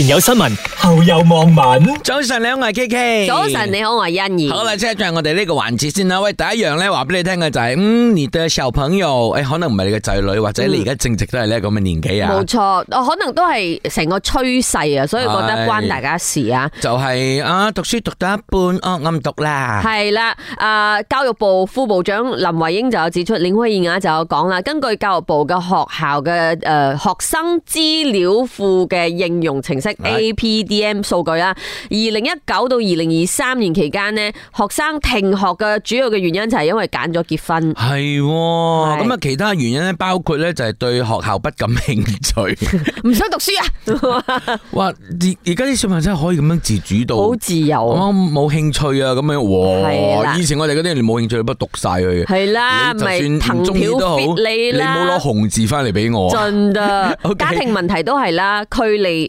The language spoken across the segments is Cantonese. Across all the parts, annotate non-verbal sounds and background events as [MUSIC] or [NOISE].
前有新聞，後有網民。早晨，你好，係 K K。早晨，你好，我係欣怡。好啦，即係進入我哋呢個環節先啦。喂，第一樣咧，話俾你聽嘅就係，嗯，你嘅小朋友，誒，可能唔係你嘅仔女，或者你而家正值都係呢咁嘅年紀啊。冇錯，我可能都係成個趨勢啊，所以覺得關大家事啊。就係啊，讀書讀得一半，哦，暗讀啦。係啦，啊，教育部副部長林慧英就有指出，擰開眼就有講啦。根據教育部嘅學校嘅誒學生資料庫嘅應用程式。APDM 數據啦，二零一九到二零二三年期間呢，學生停學嘅主要嘅原因就係因為揀咗結婚，係咁啊，的其他原因咧包括咧就係對學校不感興趣，唔 [LAUGHS] 想讀書啊！ [LAUGHS] 哇，而家啲小朋友真係可以咁樣自主到，好自由啊，冇興趣啊，咁樣的以前我哋嗰啲人冇興趣，不讀晒佢嘅，係的啦，就算都好，你冇攞紅字翻嚟俾我，真啦的， [LAUGHS] [LAUGHS] 家庭問題都係啦，距離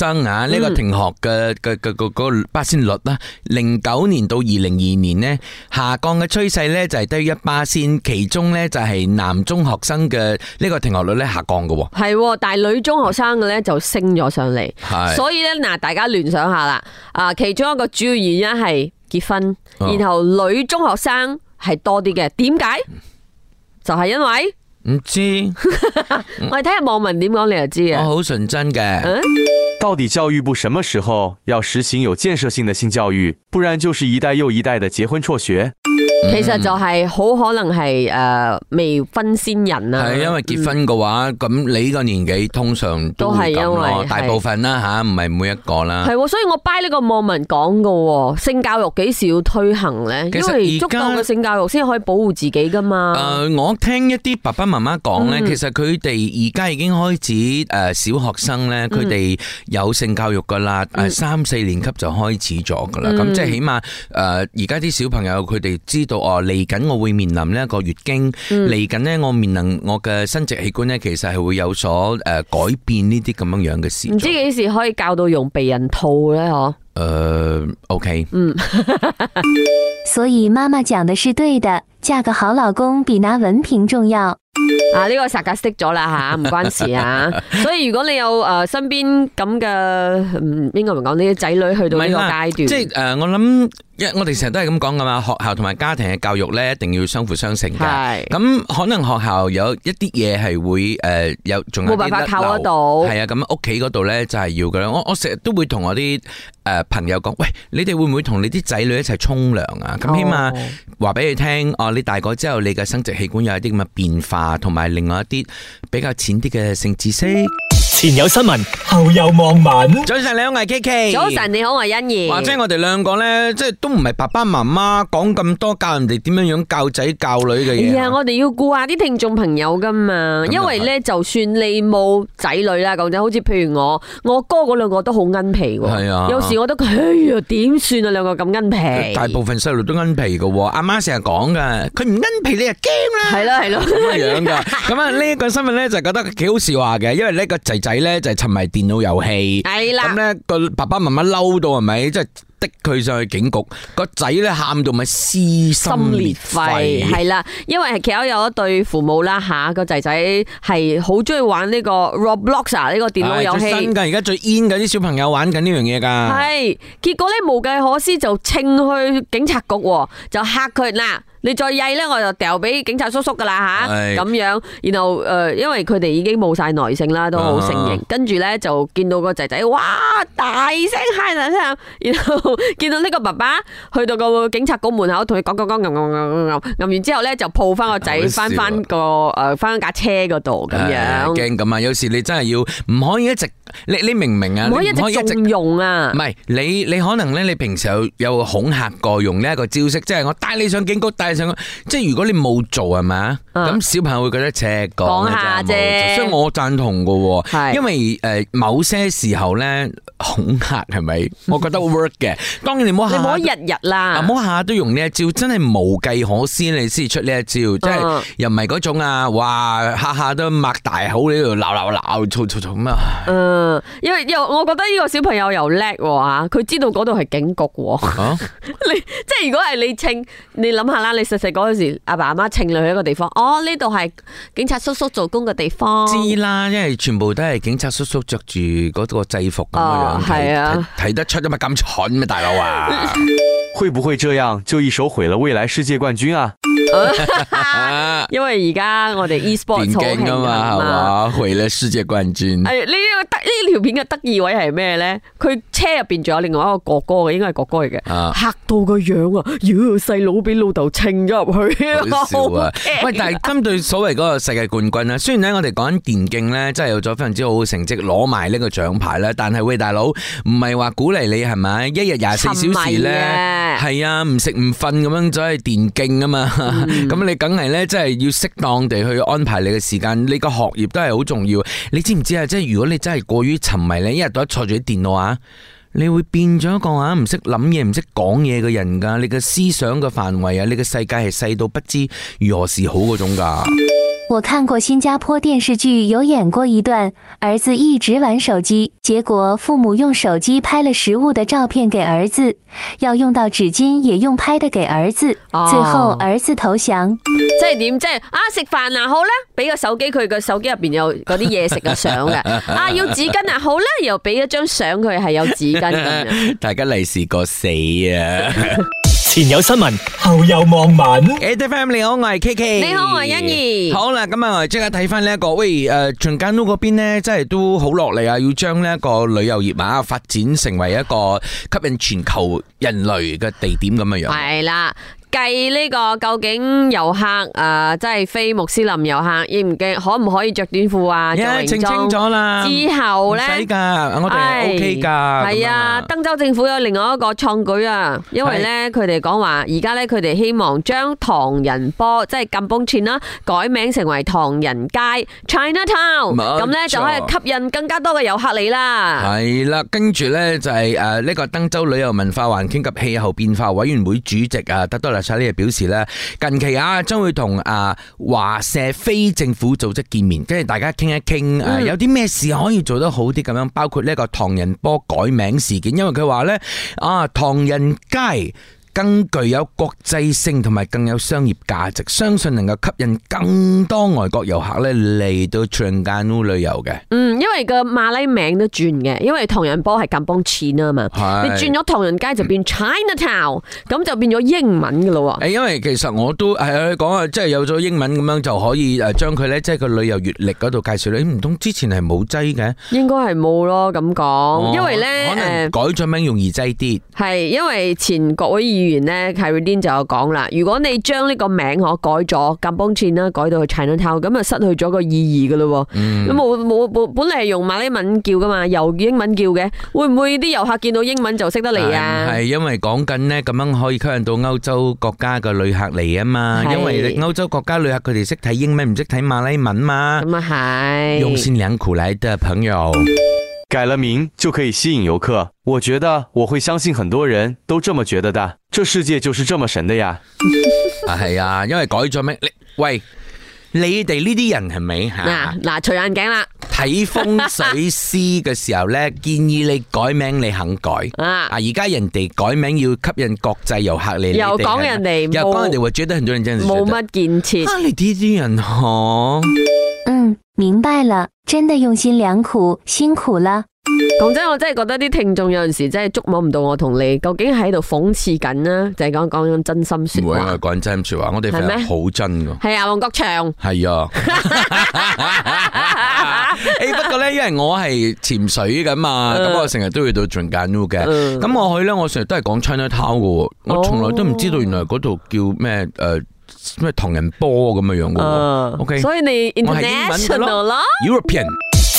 生啊，呢個停學嘅嘅嘅嘅個八仙率啦，零九年到二零二二年咧下降嘅趨勢咧就係低於一巴仙，其中咧就係男中學生嘅呢個停學率咧下降嘅，係，但係女中學生嘅咧就升咗上嚟，所以咧嗱，大家聯想下啦，啊，其中一個主要原因係結婚，然後女中學生係多啲嘅，點解？就係因為唔知，我哋，睇下網民點講你就知啊，我好純真嘅。到底教育部什麼時候要實行有建設性的性教育？不然就是一代又一代的結婚輟學。其實就係好可能係誒未婚先孕啦，係因為結婚嘅話，咁你呢個年紀通常都係因為大部分啦吓，唔係每一個啦。係喎，所以我 buy 呢個網民講嘅性教育幾時要推行咧？因為足夠嘅性教育先可以保護自己噶嘛。誒，我聽一啲爸爸媽媽講咧，其實佢哋而家已經開始誒小學生咧，佢哋有性教育噶啦，誒三四年級就開始咗噶啦。咁即係起碼誒而家啲小朋友佢哋知。哦，嚟緊我會面臨呢一個月經，嚟緊咧我面臨我嘅生殖器官呢其實係會有所誒改變呢啲咁樣樣嘅事。唔知幾時可以教到用避孕套咧？嗬、呃。誒，OK。嗯。 [LAUGHS] 所以媽媽講的是對的，嫁個好老公比拿文憑重要。 [LAUGHS] 啊，呢、這個煞格熄咗啦吓，唔關事啊。啊 [LAUGHS] 所以如果你有誒身邊咁嘅，嗯，應該唔講呢啲仔女去到呢個階段，即係誒、呃，我諗。我因、yeah, 我哋成日都係咁講噶嘛，學校同埋家庭嘅教育咧，一定要相輔相成嘅。咁是可能學校有一啲嘢係會誒、呃、有仲係冇辦法靠得到。係啊，咁屋企嗰度咧就係要噶啦。我我成日都會同我啲誒朋友講，喂，你哋會唔會同你啲仔女一齊沖涼啊？咁起碼話俾你聽，哦，哦，你大個之後你嘅生殖器官有啲咁嘅變化，同埋另外一啲比較淺啲嘅性知識。前有新聞，後有網民。早晨你好，我係 KK。早晨你好，我係欣宜。或者我哋兩個咧，即係都唔係爸爸媽媽講咁多教人哋點樣樣教仔教女嘅嘢。哎呀，我哋要顧下啲聽眾朋友噶嘛，因為咧，就算你冇仔女啦，講真，好似譬如我，我哥嗰兩個都好恩皮喎。係啊，有時我都哎呀，點算啊，兩個咁恩皮。大部分細路都恩皮噶，阿媽成日講噶，佢唔恩皮你啊驚啦。係咯係咯，咁樣噶。咁啊，呢一個新聞咧就覺得幾好笑下嘅，因為呢個仔。仔咧就係沉迷電腦遊戲，咁咧個爸爸媽媽嬲到係咪？即係的佢上去警局，個仔咧喊到咪撕心裂肺，係啦。因為其實有一對父母啦吓，啊、個仔仔係好中意玩呢個 Roblox 啊呢、呢個電腦遊戲，而家最 in 嗰啲小朋友玩緊呢樣嘢噶。係，結果咧無計可施就稱去警察局，就吓佢嗱。你再曳咧，我就掉俾警察叔叔噶啦吓，咁樣，然後誒，因為佢哋已經冇晒耐性啦，都好成形。跟住咧就見到個仔仔，哇，大聲嗌，大聲嗌，然後見到呢個爸爸去到個警察局門口，同佢講講講，撳撳撳撳撳，撳完之後咧就抱翻個仔，翻翻個誒，翻架車嗰度咁樣。驚咁啊！有時你真係要唔可以一直，你你明唔明啊？唔可以一直用啊！唔係你你可能咧，你平時有有恐嚇過用呢一個招式，即係我帶你上警局，帶。即係，如果你冇做係咪啊？咁小朋友會覺得赤個。講下啫，所以我讚同嘅。係，因為誒，某些時候咧恐嚇係咪？我覺得 work 嘅。當然你唔好下唔好日日啦，唔好下下都用呢一招，真係無計可施你先出呢一招，即係又唔係嗰種啊，話下下都擘大口喺度鬧鬧鬧嘈嘈嘈咁啊。嗯，因為又我覺得呢個小朋友又叻喎吓，佢知道嗰度係警局喎。啊，你即係如果係你稱，你諗下啦。你細細嗰陣時，阿爸阿媽請我去一個地方，哦，呢度係警察叔叔做工嘅地方。知啦，因為全部都係警察叔叔着住嗰個制服咁樣樣，睇，哦啊、得出嘛，咁蠢咩大佬啊！ [LAUGHS] 會唔會這樣就一手毀了未來世界冠軍啊？因為而家我哋 e-sport 好興啊嘛，毀了世界冠軍。係呢個得呢條片嘅得意位係咩咧？佢車入邊仲有另外一個哥哥嘅，應該係哥哥嚟嘅，嚇到個樣啊！妖細佬俾老豆稱咗入去，好笑啊！喂，但係針對所謂嗰個世界冠軍咧，雖然咧我哋講緊電競咧，真係有咗非常之好嘅成績，攞埋呢個獎牌咧，但係喂大佬，唔係話鼓勵你係咪？一日廿四小時咧，係啊，唔食唔瞓咁樣走去電競啊嘛。咁 [MUSIC] 你梗係咧，即係要適當地去安排你嘅時間。你個學業都係好重要。你知唔知啊？即係如果你真係過於沉迷，你一日都坐住電腦啊，你會變咗一個啊唔識諗嘢、唔識講嘢嘅人噶。你嘅思想嘅範圍啊，你嘅世界係細到不知如何是好嗰種噶。我看過新加坡電視劇，有演過一段，兒子一直玩手機，結果父母用手機拍了食物的照片給兒子，要用到紙巾也用拍的給兒子，最後兒子投降。哦、即係點？即係啊，食飯啊。好啦，俾個手機佢個手機入邊有嗰啲嘢食嘅相嘅， [LAUGHS] 啊要紙巾啊，好啦，又俾一張相佢，係有紙巾 [LAUGHS] 大家嚟試過死啊！ [LAUGHS] 前有新聞，後有網民。ATM 你好，我係 K K。你好，我係欣怡。好啦，咁啊，即刻睇翻呢一個，喂，誒，長頸鹿嗰邊咧，真係都好落力啊，要將呢一個旅遊業啊發展成為一個吸引全球人類嘅地點咁嘅樣。係啦。計呢個究竟遊客誒，即係非穆斯林遊客，亦唔驚，可唔可以着短褲啊？着泳裝。一澄清咗啦。之後咧，唔使噶，我哋係 OK 噶。係啊，登州政府有另外一個創舉啊，因為咧，佢哋講話而家咧，佢哋希望將唐人坡，即係金邦村啦，改名成為唐人街 （China Town），咁咧就可以吸引更加多嘅遊客嚟啦。係啦，跟住咧就係誒，呢個登州旅遊文化環境及氣候變化委員會主席啊，得多啦。佢表示咧，近期啊，將會同啊華社非政府組織見面，跟住大家傾一傾，有啲咩事可以做得好啲咁樣，包括呢個唐人坡改名事件，因為佢話咧啊，唐人街。更具有國際性同埋更有商業價值，相信能夠吸引更多外國遊客咧嚟到登嘉樓旅遊嘅。嗯，因為個馬拉名都轉嘅，因為唐人坡係咁幫錢啊嘛。係。你轉咗唐人街就變 Chinatown，咁就變咗英文嘅咯喎。誒，因為其實我都係佢講啊，即係有咗英文咁樣就可以誒將佢咧，即係個旅遊閲歷嗰度介紹咧。唔通之前係冇劑嘅？應該係冇咯，咁講，因為咧可能改咗名容易劑啲。係，因為前各位二。議員呢，係 Radin 就有講啦。如果你將呢個名可改咗，夾幫錢啦，改到去 Chinatown，咁啊失去咗個意義噶咯。咁我我本嚟係用馬來文叫噶嘛，由英文叫嘅，會唔會啲遊客見到英文就識得嚟啊？係因為講緊咧咁樣可以吸引到歐洲國家嘅旅客嚟啊嘛。因為歐洲國家旅客佢哋識睇英文，唔識睇馬來文嘛。咁啊係。用先兩酷奶的朋友。改了名就可以吸引遊客，我覺得我會相信很多人都這麼覺得的，這世界就是這麼神的呀！係呀，因為改咗名。喂，你哋呢啲人係咪吓？嗱嗱，啊、除眼鏡啦，睇風水師嘅時候呢， [LAUGHS] 建議你改名，你肯改 [LAUGHS] 啊？而家人哋改名要吸引國際遊客，你又講人哋吧，又講人哋會覺得很多人真係冇乜建設，吓、啊、你呢啲人嗬。哦。明白了，真的用心良苦，辛苦了。講真，我真係覺得啲聽眾有陣時真係捉摸唔到我同你究竟喺度諷刺緊啦。就係講講真心說話，唔講真說話，我哋份好真噶。係嗎啊，王國強。係啊。誒，不過咧，因為我係潛水噶嘛，咁我成日都要到近間度嘅。咁我去咧，我成日都係講 Chinatown 噶。我從來都唔知道，原來嗰度叫咩誒。呃 uh, 咩唐人坡咁嘅樣嘅、uh,，OK。所以你 international European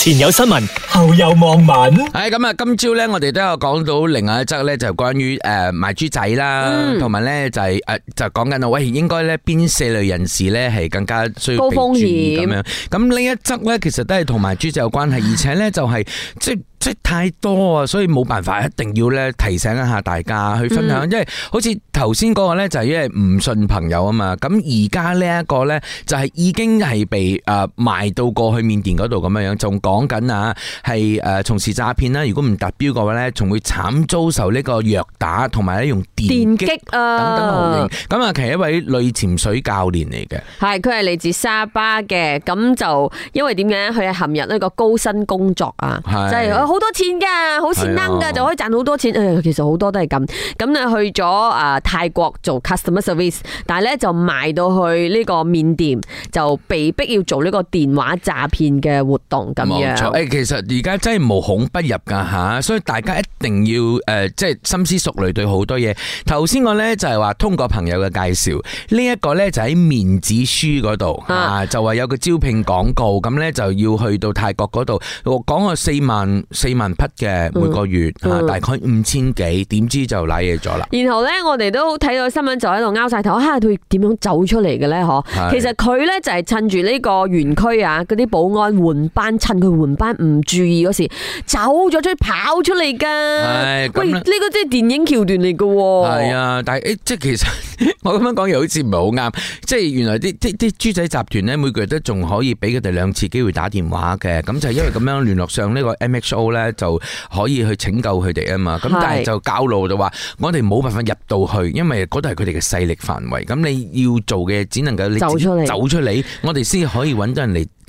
前有新聞，後有網民。係咁啊，今朝咧我哋都有講到另外一則咧、嗯就是呃，就關於誒賣豬仔啦，同埋咧就係誒就講緊啊，喂，應該咧邊四類人士咧係更加需要被注意咁樣。咁呢一則咧其實都係同賣豬仔有關係， [LAUGHS] 而且咧就係、是、即。即係太多啊，所以冇辦法，一定要咧提醒一下大家去分享，嗯、因為好似頭先嗰個咧就係因為唔信朋友啊嘛。咁而家呢一個咧就係已經係被誒賣到過去緬甸嗰度咁樣樣，仲講緊啊係誒從事詐騙啦。如果唔達標嘅話咧，仲會慘遭受呢個虐打，同埋咧用電擊啊等等酷刑。咁擊啊，其實一位女潛水教練嚟嘅，係佢係嚟自沙巴嘅。咁就因為點解佢係陷入呢個高薪工作啊，的就係。好多錢㗎，好錢掕㗎，是的 就可以賺好多錢。誒、哎，其實好多都係咁。咁啊去咗啊泰國做 customer service，但係咧就賣到去呢個緬甸，就被迫要做呢個電話詐騙嘅活動咁樣。冇錯、哎、其實而家真係無孔不入㗎吓，所以大家一定要誒，即係深思熟慮對好多嘢。頭先我咧就係、是、話通過朋友嘅介紹，呢、這、一個咧就喺面子書嗰度啊，就話有個招聘廣告，咁咧就要去到泰國嗰度，講個四萬。四萬匹嘅每個月、嗯嗯、5, 啊，大概五千幾點知就瀨嘢咗啦。然後咧，我哋都睇到新聞，就喺度拗晒頭，吓佢點樣走出嚟嘅咧？嗬是，其實佢咧就係、是、趁住呢個園區啊，嗰啲保安換班，趁佢換班唔注意嗰時，走咗出去跑出嚟噶。喂，呢個即係電影橋段嚟噶、啊。係啊，但係誒，即係其實。 [LAUGHS] [LAUGHS] 我咁樣講又好似唔係好啱，即係原來啲啲啲豬仔集團咧，每個月都仲可以俾佢哋兩次機會打電話嘅，咁就係因為咁樣聯絡上呢個 MHO 咧，就可以去拯救佢哋啊嘛，咁但係就教路就話我哋冇辦法入到去，因為嗰度係佢哋嘅勢力範圍，咁你要做嘅只能夠你走出嚟，我哋先可以揾到人嚟。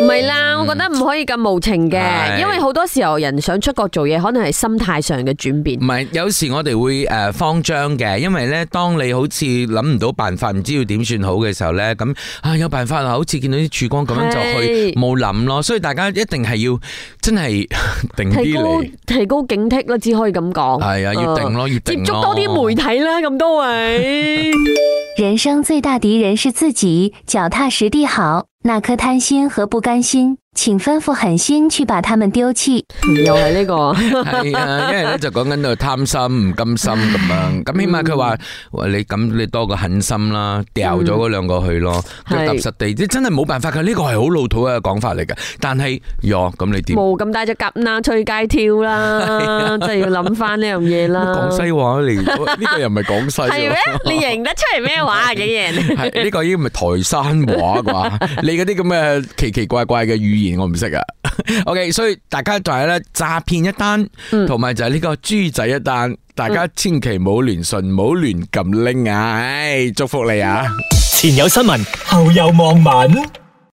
唔係啦，我覺得唔可以咁無情嘅，是因為好多時候人想出國做嘢，可能係心態上嘅轉變。唔係，有時我哋會誒慌張嘅，因為咧，當你好似諗唔到辦法，唔知要點算好嘅時候咧，咁啊有辦法啊，好似見到啲曙光咁樣就去冇諗咯。所以大家一定係要真係定啲嚟，提 [LAUGHS] 高， [LAUGHS] 高，高警惕啦，只可以咁講。係啊，要定咯，要、呃、接觸多啲媒體啦，咁都係。 [LAUGHS] [LAUGHS] 人生最大敵人是自己，腳踏實地好。那顆貪心和不甘心。請吩咐狠心去把他們丟棄。又係呢個，係啊，因為咧就講緊到貪心唔甘心咁樣。咁起碼佢話：話你咁你多個狠心啦，掉咗嗰兩個去咯。咁踏實地，即真係冇辦法噶。呢個係好老土嘅講法嚟噶。但係，若咁你點？冇咁大隻蛤乸，隨街跳啦，就要諗翻呢樣嘢啦。廣西話嚟，呢個又唔係廣西。係咩？你認得出係咩話嘅嘢？呢個已經唔係台山話啩？你嗰啲咁嘅奇奇怪怪嘅語言。我唔識啊，OK，所以大家就係咧詐騙一單，同埋、嗯、就係呢個豬仔一單，嗯、大家千祈唔好亂信，唔好亂撳拎啊！唉、哎，祝福你啊！前有新聞，後有網民。